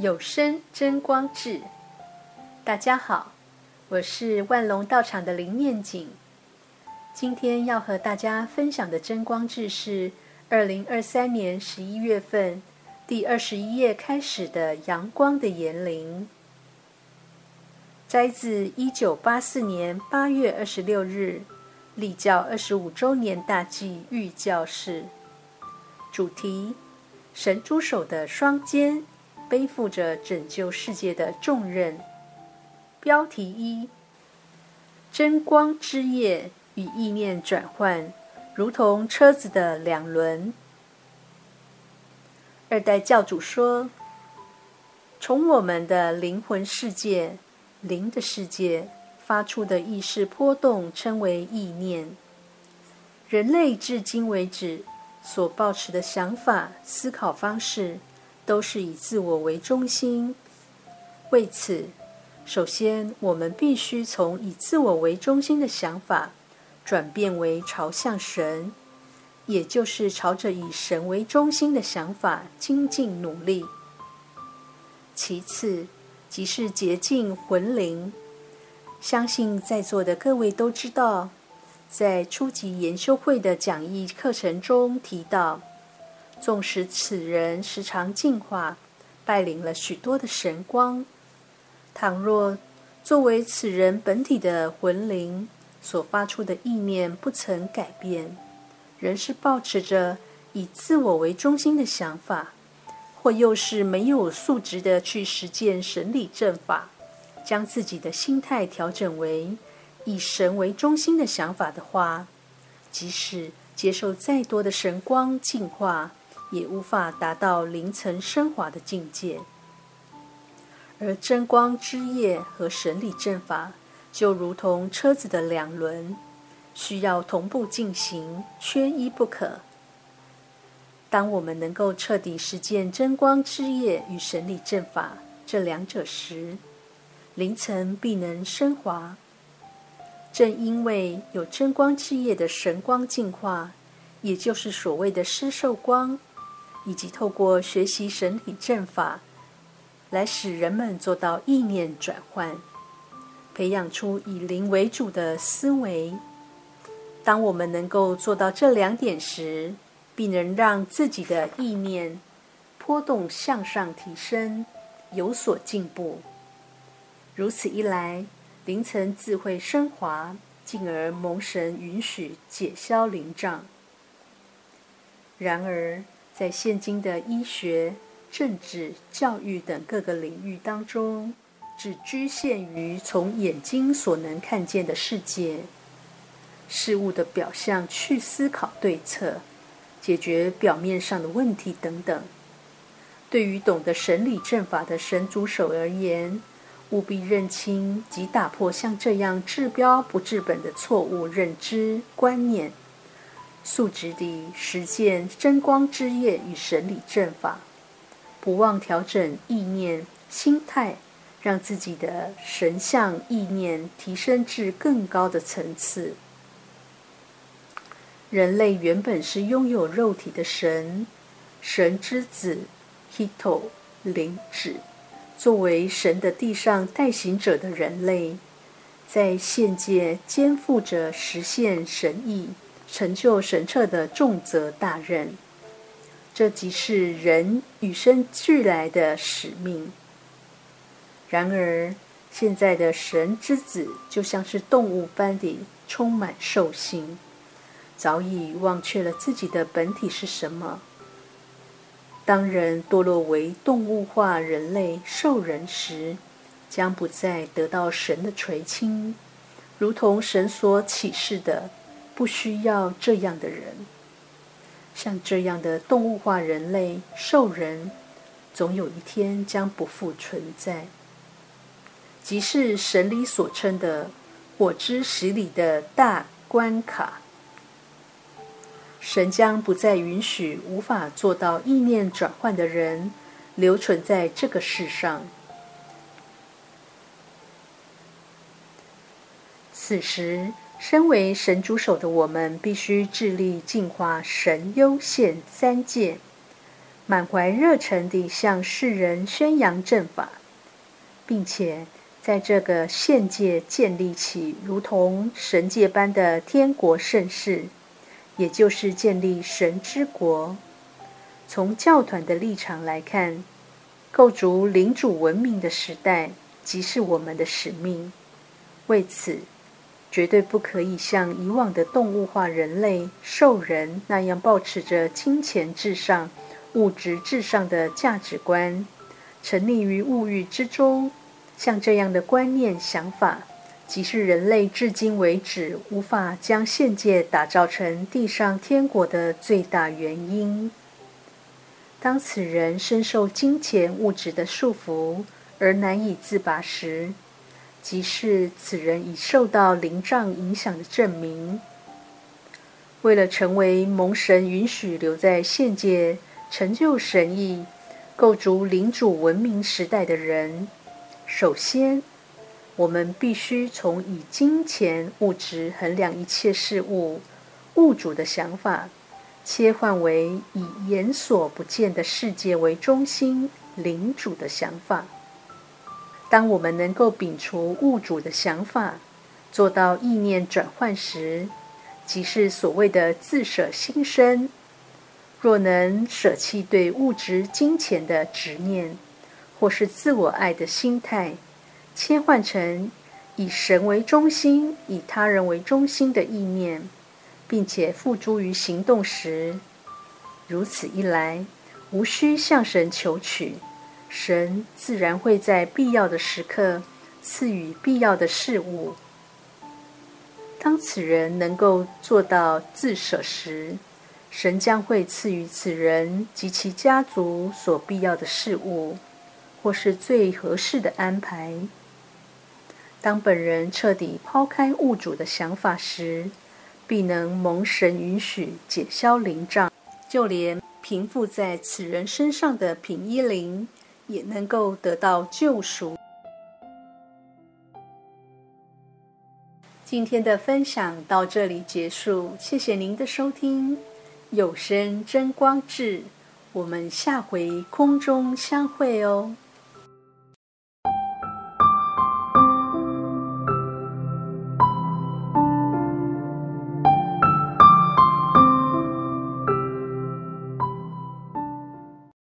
有聲真光誌，大家好，我是萬隆道場的林念璟。今天要和大家分享的真光誌是二零二三年十一月份第二十一頁開始的《陽光的言靈》摘自一九八四年八月二十六日立教二十五周年大祭御教示，主題神豬手的雙肩。背負着拯救世界的重任。標題一：真光之業與意念轉換，如同車子的兩輪。二代教主說：“從我們的靈魂世界、靈的世界發出的意識波動，稱為意念。人類至今為止所抱持的想法、思考方式。”都是以自我為中心。為此，首先我們必須從以自我為中心的想法，轉變為朝向神，也就是朝着以神為中心的想法精進努力。其次，即是潔淨魂靈。相信在座的各位都知道，在初級研修會的講義課程中提到。縱使此人時常淨化，拜領了許多的神光，倘若作為此人本體的魂靈所發出的意念不曾改變，仍是抱持著以自我為中心的想法，或又是沒有素直的去實踐神理正法，將自己的心態調整為以神為中心的想法的話，即使接受再多的神光淨化，也無法達到靈層昇華的境界，而真光之業和神理正法就如同車子的兩輪，需要同步進行，缺一不可。當我們能夠徹底實踐真光之業與神理正法這兩者時，靈層必能昇華。正因為有真光之業的神光淨化，也就是所謂的施受光。以及透過學習神體陣法，來使人們做到意念轉換，培養出以靈為主的思維。當我們能夠做到這兩點時，必能讓自己的意念波動向上提升，有所進步。如此一來，靈層自會升華，進而蒙神允許解消靈障。然而，在現今的醫學、政治、教育等各個領域當中，只局限於從眼睛所能看見的世界、事物的表象去思考對策、解決表面上的問題等等。對於懂得神理正法的神組手而言，務必認清及打破像這樣治標不治本的錯誤認知觀念。素直地實踐真光之業與神理正法，不忘調整意念、心態，讓自己的神像意念提升至更高的層次。人類原本是擁有肉體的神，神之子 Hito 靈子，作為神的地上代行者的人類，在現界肩負着實現神意成就神策的重責大任，這即是人與生俱來的使命。然而，現在的神之子就像是動物般的充滿獸性，早已忘卻了自己的本體是什麼。當人墮落為動物化人類獸人時，將不再得到神的垂青，如同神所啟示的。不需要這樣的人，像這樣的動物化人類獸人，總有一天將不復存在。即是神理所稱的“火之洗禮的大關卡”，神將不再允許無法做到意念轉換的人留存在這個世上。此時。身為神之手的我們，必須致力淨化神幽現三界，滿懷熱忱地向世人宣揚正法，並且在這個現界建立起如同神界般的天國盛世，也就是建立神之國。從教團的立場來看，構築靈主文明的時代即是我們的使命。為此。絕對不可以像以往的動物化人類、獸人那樣，抱持著金錢至上、物質至上的價值觀，沉溺於物欲之中。像這樣的觀念、想法，即是人類至今為止無法將現界打造成地上天國的最大原因。當此人深受金錢、物質的束縛而難以自拔時，即是此人已受到靈障影響的證明。為了成為蒙神允許留在現界、成就神意、構築靈主文明時代的人，首先我們必須從以金錢物質衡量一切事物、物主的想法，切換為以眼所不見的世界為中心、靈主的想法。當我們能夠摒除物主的想法，做到意念轉換時，即是所謂的自舍心身。若能舍棄對物質、金錢的執念，或是自我愛的心態，切換成以神為中心、以他人為中心的意念，並且付諸於行動時，如此一來，無需向神求取。神自然會在必要的時刻賜予必要的事物。當此人能夠做到自捨時，神將會賜予此人及其家族所必要的事物，或是最合適的安排。當本人徹底拋開物主的想法時，必能蒙神允許解消靈障，就連憑附在此人身上的憑依靈，也能夠得到救贖。今天的分享到這裡結束，謝謝您的收聽。有聲真光誌，我們下回空中相會哦。